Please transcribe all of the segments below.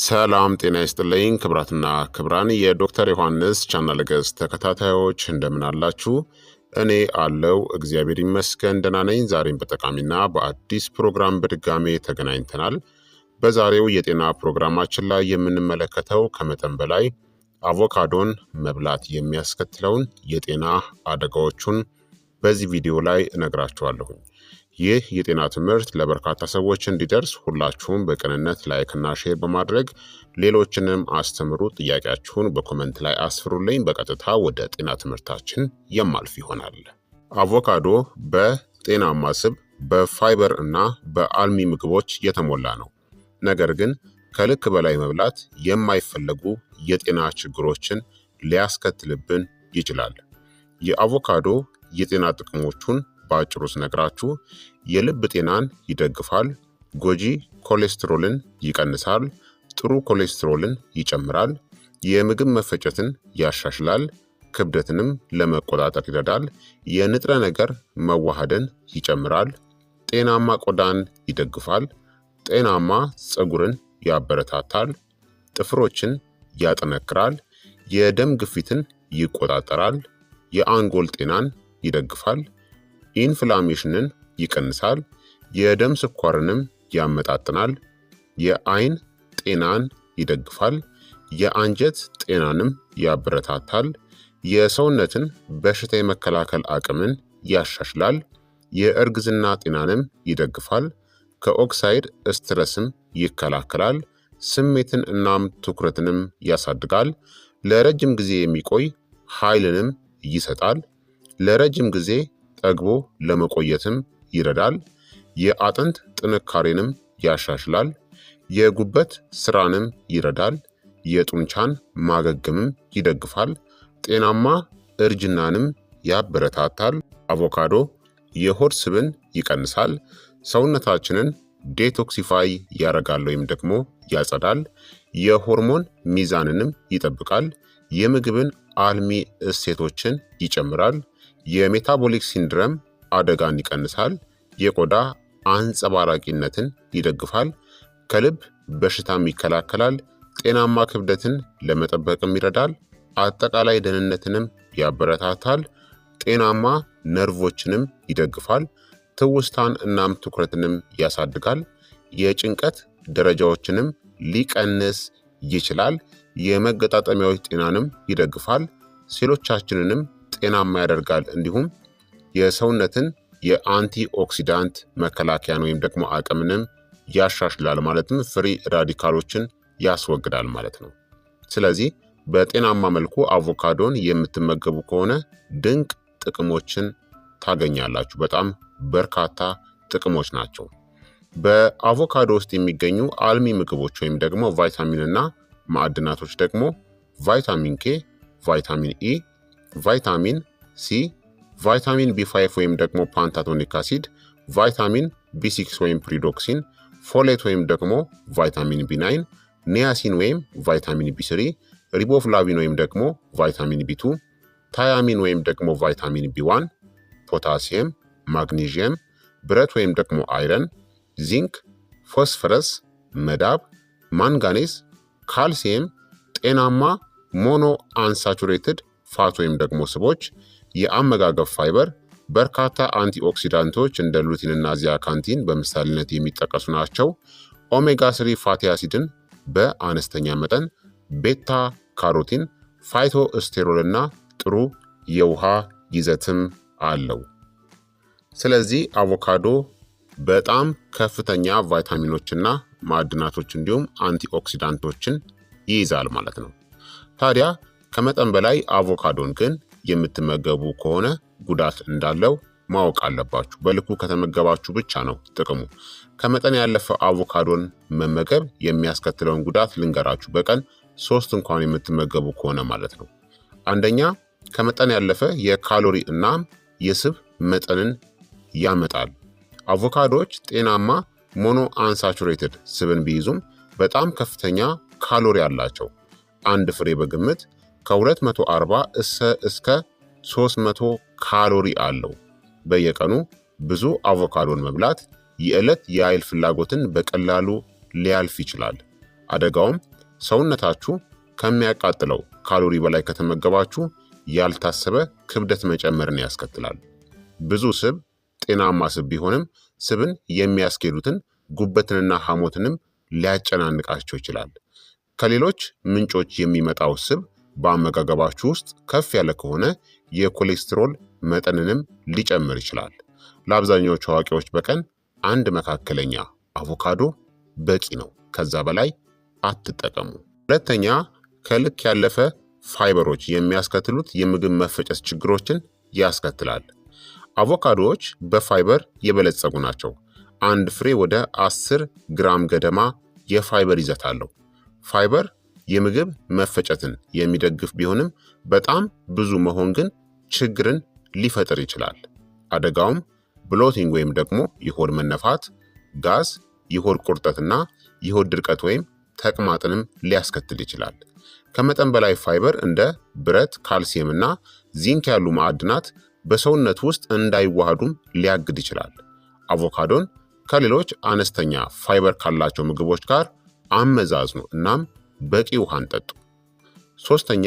ሰላም ጤና ይስጥልኝ ክብራትና ክብራን የዶክተር ዮሐንስ ቻናል ገጽ ተከታታዮች እንደምን አላችሁ? እኔ አለው እግዚአብሔር ይመስገን ደህና ነኝ። ዛሬም በጠቃሚና በአዲስ ፕሮግራም በድጋሜ ተገናኝተናል። በዛሬው የጤና ፕሮግራማችን ላይ የምንመለከተው ከመጠን በላይ አቮካዶን መብላት የሚያስከትለውን የጤና አደጋዎቹን በዚህ ቪዲዮ ላይ እነግራችኋለሁኝ። ይህ የጤና ትምህርት ለበርካታ ሰዎች እንዲደርስ ሁላችሁም በቅንነት ላይክና ሼር በማድረግ ሌሎችንም አስተምሩ። ጥያቄያችሁን በኮመንት ላይ አስፍሩልኝ። በቀጥታ ወደ ጤና ትምህርታችን የማልፍ ይሆናል። አቮካዶ በጤናማ ስብ፣ በፋይበር እና በአልሚ ምግቦች የተሞላ ነው። ነገር ግን ከልክ በላይ መብላት የማይፈለጉ የጤና ችግሮችን ሊያስከትልብን ይችላል። የአቮካዶ የጤና ጥቅሞቹን በአጭሩ ስነግራችሁ የልብ ጤናን ይደግፋል፣ ጎጂ ኮሌስትሮልን ይቀንሳል፣ ጥሩ ኮሌስትሮልን ይጨምራል፣ የምግብ መፈጨትን ያሻሽላል፣ ክብደትንም ለመቆጣጠር ይረዳል፣ የንጥረ ነገር መዋሃድን ይጨምራል፣ ጤናማ ቆዳን ይደግፋል፣ ጤናማ ፀጉርን ያበረታታል፣ ጥፍሮችን ያጠነክራል፣ የደም ግፊትን ይቆጣጠራል፣ የአንጎል ጤናን ይደግፋል ኢንፍላሜሽንን ይቀንሳል፣ የደም ስኳርንም ያመጣጥናል፣ የአይን ጤናን ይደግፋል፣ የአንጀት ጤናንም ያበረታታል፣ የሰውነትን በሽታ የመከላከል አቅምን ያሻሽላል፣ የእርግዝና ጤናንም ይደግፋል፣ ከኦክሳይድ ስትረስም ይከላከላል፣ ስሜትን እናም ትኩረትንም ያሳድጋል፣ ለረጅም ጊዜ የሚቆይ ኃይልንም ይሰጣል፣ ለረጅም ጊዜ ጠግቦ ለመቆየትም ይረዳል። የአጥንት ጥንካሬንም ያሻሽላል። የጉበት ስራንም ይረዳል። የጡንቻን ማገገምም ይደግፋል። ጤናማ እርጅናንም ያበረታታል። አቮካዶ የሆድ ስብን ይቀንሳል። ሰውነታችንን ዴቶክሲፋይ ያደርጋል ወይም ደግሞ ያጸዳል። የሆርሞን ሚዛንንም ይጠብቃል። የምግብን አልሚ እሴቶችን ይጨምራል። የሜታቦሊክ ሲንድረም አደጋን ይቀንሳል፣ የቆዳ አንጸባራቂነትን ይደግፋል፣ ከልብ በሽታም ይከላከላል፣ ጤናማ ክብደትን ለመጠበቅም ይረዳል፣ አጠቃላይ ደህንነትንም ያበረታታል፣ ጤናማ ነርቮችንም ይደግፋል፣ ትውስታን እናም ትኩረትንም ያሳድጋል፣ የጭንቀት ደረጃዎችንም ሊቀንስ ይችላል፣ የመገጣጠሚያዎች ጤናንም ይደግፋል፣ ሴሎቻችንንም ጤናማ ያደርጋል። እንዲሁም የሰውነትን የአንቲ ኦክሲዳንት መከላከያን ወይም ደግሞ አቅምንም ያሻሽላል። ማለትም ፍሪ ራዲካሎችን ያስወግዳል ማለት ነው። ስለዚህ በጤናማ መልኩ አቮካዶን የምትመገቡ ከሆነ ድንቅ ጥቅሞችን ታገኛላችሁ። በጣም በርካታ ጥቅሞች ናቸው። በአቮካዶ ውስጥ የሚገኙ አልሚ ምግቦች ወይም ደግሞ ቫይታሚንና ማዕድናቶች ደግሞ ቫይታሚን ኬ፣ ቫይታሚን ኢ፣ ቫይታሚን ሲ፣ ቫይታሚን ቢ5 ወይም ደግሞ ፓንታቶኒክ አሲድ፣ ቫይታሚን ቢ6 ወይም ፕሪዶክሲን፣ ፎሌት ወይም ደግሞ ቫይታሚን ቢ9፣ ኒያሲን ወይም ቫይታሚን ቢ3፣ ሪቦፍላቪን ወይም ደግሞ ቫይታሚን ቢ2፣ ታያሚን ወይም ደግሞ ቫይታሚን ቢ1፣ ፖታሲየም፣ ማግኒዥየም፣ ብረት ወይም ደግሞ አይረን፣ ዚንክ፣ ፎስፈረስ፣ መዳብ፣ ማንጋኔዝ፣ ካልሲየም፣ ጤናማ ሞኖ አንሳቹሬትድ ፋት ወይም ደግሞ ስቦች፣ የአመጋገብ ፋይበር፣ በርካታ አንቲኦክሲዳንቶች እንደ ሉቲንና ዚያካንቲን በምሳሌነት የሚጠቀሱ ናቸው። ኦሜጋ ስሪ ፋቲ አሲድን በአነስተኛ መጠን፣ ቤታ ካሮቲን፣ ፋይቶ ስቴሮልና ጥሩ የውሃ ይዘትም አለው። ስለዚህ አቮካዶ በጣም ከፍተኛ ቫይታሚኖችና ማዕድናቶች እንዲሁም አንቲኦክሲዳንቶችን ይይዛል ማለት ነው። ታዲያ ከመጠን በላይ አቮካዶን ግን የምትመገቡ ከሆነ ጉዳት እንዳለው ማወቅ አለባችሁ። በልኩ ከተመገባችሁ ብቻ ነው ጥቅሙ። ከመጠን ያለፈ አቮካዶን መመገብ የሚያስከትለውን ጉዳት ልንገራችሁ። በቀን ሶስት እንኳን የምትመገቡ ከሆነ ማለት ነው። አንደኛ ከመጠን ያለፈ የካሎሪ እናም የስብ መጠንን ያመጣል። አቮካዶዎች ጤናማ ሞኖ አንሳቹሬትድ ስብን ቢይዙም በጣም ከፍተኛ ካሎሪ አላቸው። አንድ ፍሬ በግምት ከ240 እስከ 300 ካሎሪ አለው። በየቀኑ ብዙ አቮካዶን መብላት የዕለት የኃይል ፍላጎትን በቀላሉ ሊያልፍ ይችላል። አደጋውም ሰውነታችሁ ከሚያቃጥለው ካሎሪ በላይ ከተመገባችሁ ያልታሰበ ክብደት መጨመርን ያስከትላል። ብዙ ስብ ጤናማ ስብ ቢሆንም ስብን የሚያስኬዱትን ጉበትንና ሐሞትንም ሊያጨናንቃቸው ይችላል። ከሌሎች ምንጮች የሚመጣው ስብ በአመጋገባችሁ ውስጥ ከፍ ያለ ከሆነ የኮሌስትሮል መጠንንም ሊጨምር ይችላል። ለአብዛኛዎቹ አዋቂዎች በቀን አንድ መካከለኛ አቮካዶ በቂ ነው። ከዛ በላይ አትጠቀሙ። ሁለተኛ ከልክ ያለፈ ፋይበሮች የሚያስከትሉት የምግብ መፈጨት ችግሮችን ያስከትላል። አቮካዶዎች በፋይበር የበለጸጉ ናቸው። አንድ ፍሬ ወደ 10 ግራም ገደማ የፋይበር ይዘት አለው። ፋይበር የምግብ መፈጨትን የሚደግፍ ቢሆንም በጣም ብዙ መሆን ግን ችግርን ሊፈጥር ይችላል። አደጋውም ብሎቲንግ ወይም ደግሞ የሆድ መነፋት፣ ጋዝ፣ የሆድ ቁርጠትና የሆድ ድርቀት ወይም ተቅማጥንም ሊያስከትል ይችላል። ከመጠን በላይ ፋይበር እንደ ብረት፣ ካልሲየም እና ዚንክ ያሉ ማዕድናት በሰውነት ውስጥ እንዳይዋሃዱም ሊያግድ ይችላል። አቮካዶን ከሌሎች አነስተኛ ፋይበር ካላቸው ምግቦች ጋር አመዛዝኑ እናም በቂ ውሃን ጠጡ። ሶስተኛ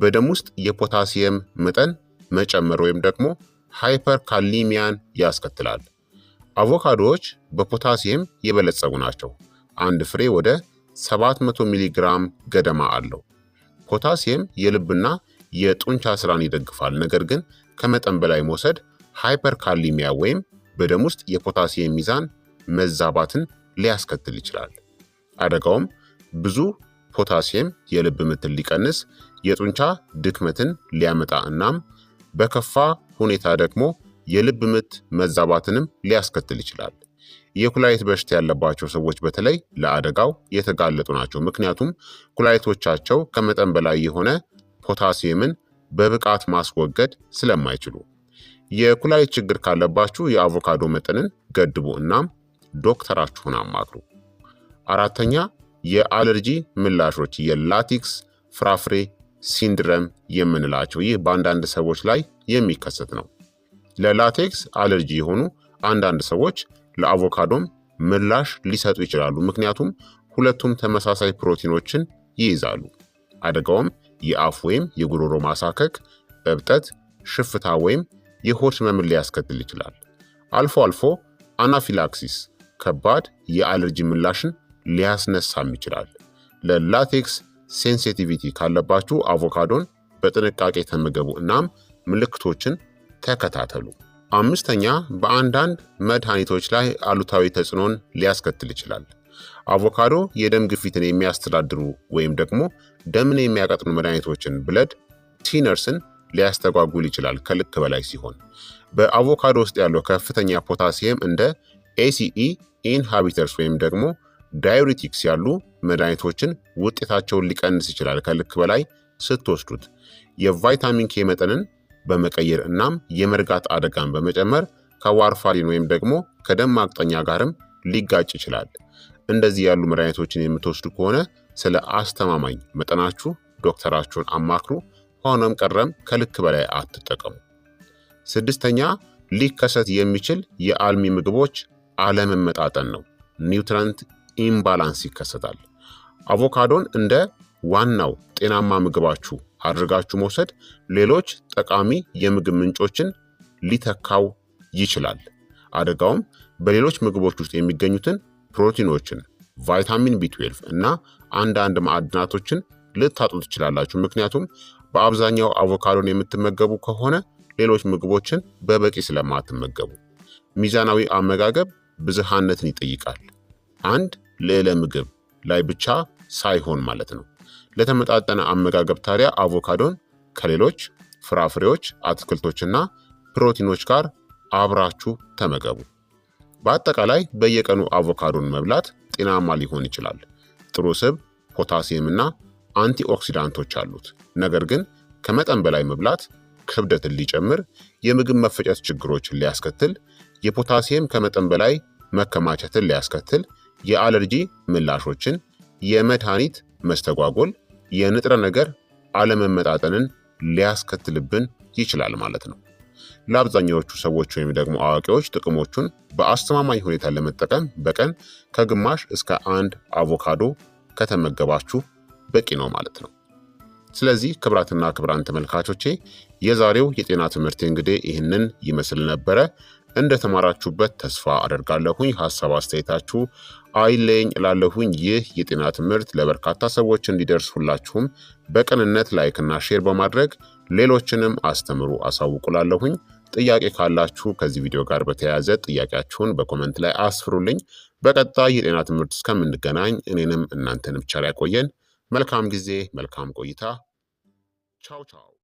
በደም ውስጥ የፖታሲየም መጠን መጨመር ወይም ደግሞ ሃይፐርካሊሚያን ያስከትላል። አቮካዶዎች በፖታሲየም የበለጸጉ ናቸው። አንድ ፍሬ ወደ 700 ሚሊግራም ገደማ አለው። ፖታሲየም የልብና የጡንቻ ስራን ይደግፋል። ነገር ግን ከመጠን በላይ መውሰድ ሃይፐርካሊሚያ ወይም በደም ውስጥ የፖታሲየም ሚዛን መዛባትን ሊያስከትል ይችላል። አደጋውም ብዙ ፖታሲየም የልብ ምትን ሊቀንስ፣ የጡንቻ ድክመትን ሊያመጣ እናም በከፋ ሁኔታ ደግሞ የልብ ምት መዛባትንም ሊያስከትል ይችላል። የኩላሊት በሽታ ያለባቸው ሰዎች በተለይ ለአደጋው የተጋለጡ ናቸው። ምክንያቱም ኩላሊቶቻቸው ከመጠን በላይ የሆነ ፖታሲየምን በብቃት ማስወገድ ስለማይችሉ። የኩላሊት ችግር ካለባችሁ የአቮካዶ መጠንን ገድቡ እናም ዶክተራችሁን አማክሩ። አራተኛ የአለርጂ ምላሾች የላቲክስ ፍራፍሬ ሲንድረም የምንላቸው ይህ በአንዳንድ ሰዎች ላይ የሚከሰት ነው። ለላቴክስ አለርጂ የሆኑ አንዳንድ ሰዎች ለአቮካዶም ምላሽ ሊሰጡ ይችላሉ። ምክንያቱም ሁለቱም ተመሳሳይ ፕሮቲኖችን ይይዛሉ። አደጋውም የአፍ ወይም የጉሮሮ ማሳከክ፣ እብጠት፣ ሽፍታ ወይም የሆድ ህመምን ሊያስከትል ይችላል። አልፎ አልፎ አናፊላክሲስ ከባድ የአለርጂ ምላሽን ሊያስነሳም ይችላል። ለላቴክስ ሴንሲቲቪቲ ካለባችሁ አቮካዶን በጥንቃቄ ተመገቡ እናም ምልክቶችን ተከታተሉ። አምስተኛ በአንዳንድ መድኃኒቶች ላይ አሉታዊ ተጽዕኖን ሊያስከትል ይችላል። አቮካዶ የደም ግፊትን የሚያስተዳድሩ ወይም ደግሞ ደምን የሚያቀጥኑ መድኃኒቶችን ብለድ ቲነርስን ሊያስተጓጉል ይችላል ከልክ በላይ ሲሆን። በአቮካዶ ውስጥ ያለው ከፍተኛ ፖታሲየም እንደ ኤሲኢ ኢንሃቢተርስ ወይም ደግሞ ዳዩሪቲክስ ያሉ መድኃኒቶችን ውጤታቸውን ሊቀንስ ይችላል ከልክ በላይ ስትወስዱት። የቫይታሚን ኬ መጠንን በመቀየር እናም የመርጋት አደጋን በመጨመር ከዋርፋሪን ወይም ደግሞ ከደም ማቅጠኛ ጋርም ሊጋጭ ይችላል። እንደዚህ ያሉ መድኃኒቶችን የምትወስዱ ከሆነ ስለ አስተማማኝ መጠናችሁ ዶክተራችሁን አማክሩ። ሆኖም ቀረም ከልክ በላይ አትጠቀሙ። ስድስተኛ ሊከሰት የሚችል የአልሚ ምግቦች አለመመጣጠን ነው። ኒውትረንት ኢምባላንስ ይከሰታል። አቮካዶን እንደ ዋናው ጤናማ ምግባችሁ አድርጋችሁ መውሰድ ሌሎች ጠቃሚ የምግብ ምንጮችን ሊተካው ይችላል። አደጋውም በሌሎች ምግቦች ውስጥ የሚገኙትን ፕሮቲኖችን፣ ቫይታሚን ቢ12 እና አንዳንድ ማዕድናቶችን ልታጡ ትችላላችሁ። ምክንያቱም በአብዛኛው አቮካዶን የምትመገቡ ከሆነ ሌሎች ምግቦችን በበቂ ስለማትመገቡ። ሚዛናዊ አመጋገብ ብዝሃነትን ይጠይቃል። አንድ ልዕለ ምግብ ላይ ብቻ ሳይሆን ማለት ነው። ለተመጣጠነ አመጋገብ ታዲያ አቮካዶን ከሌሎች ፍራፍሬዎች፣ አትክልቶችና ፕሮቲኖች ጋር አብራችሁ ተመገቡ። በአጠቃላይ በየቀኑ አቮካዶን መብላት ጤናማ ሊሆን ይችላል። ጥሩ ስብ፣ ፖታሲየምና አንቲኦክሲዳንቶች አሉት። ነገር ግን ከመጠን በላይ መብላት ክብደትን ሊጨምር፣ የምግብ መፈጨት ችግሮችን ሊያስከትል፣ የፖታሲየም ከመጠን በላይ መከማቸትን ሊያስከትል የአለርጂ ምላሾችን፣ የመድኃኒት መስተጓጎል፣ የንጥረ ነገር አለመመጣጠንን ሊያስከትልብን ይችላል ማለት ነው። ለአብዛኛዎቹ ሰዎች ወይም ደግሞ አዋቂዎች ጥቅሞቹን በአስተማማኝ ሁኔታ ለመጠቀም በቀን ከግማሽ እስከ አንድ አቮካዶ ከተመገባችሁ በቂ ነው ማለት ነው። ስለዚህ ክብራትና ክብራን ተመልካቾቼ የዛሬው የጤና ትምህርት እንግዲህ ይህንን ይመስል ነበረ። እንደተማራችሁበት ተስፋ አደርጋለሁኝ። ሀሳብ አስተያየታችሁ አይለኝ እላለሁኝ። ይህ የጤና ትምህርት ለበርካታ ሰዎች እንዲደርስ ሁላችሁም በቅንነት ላይክና ሼር በማድረግ ሌሎችንም አስተምሩ፣ አሳውቁላለሁኝ። ጥያቄ ካላችሁ ከዚህ ቪዲዮ ጋር በተያያዘ ጥያቄያችሁን በኮመንት ላይ አስፍሩልኝ። በቀጣይ የጤና ትምህርት እስከምንገናኝ እኔንም እናንተንም ቸር ያቆየን። መልካም ጊዜ፣ መልካም ቆይታ። ቻው ቻው።